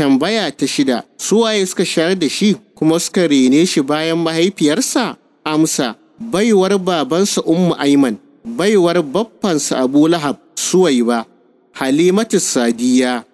Tambaya ta shida, su waye suka shayar da shi kuma suka rene shi bayan mahaifiyarsa? Amsa, baiwar babansa Ummu Aiman, baiwar baffansa Abu Lahab, Suwaiba, Halimatu Sadiya,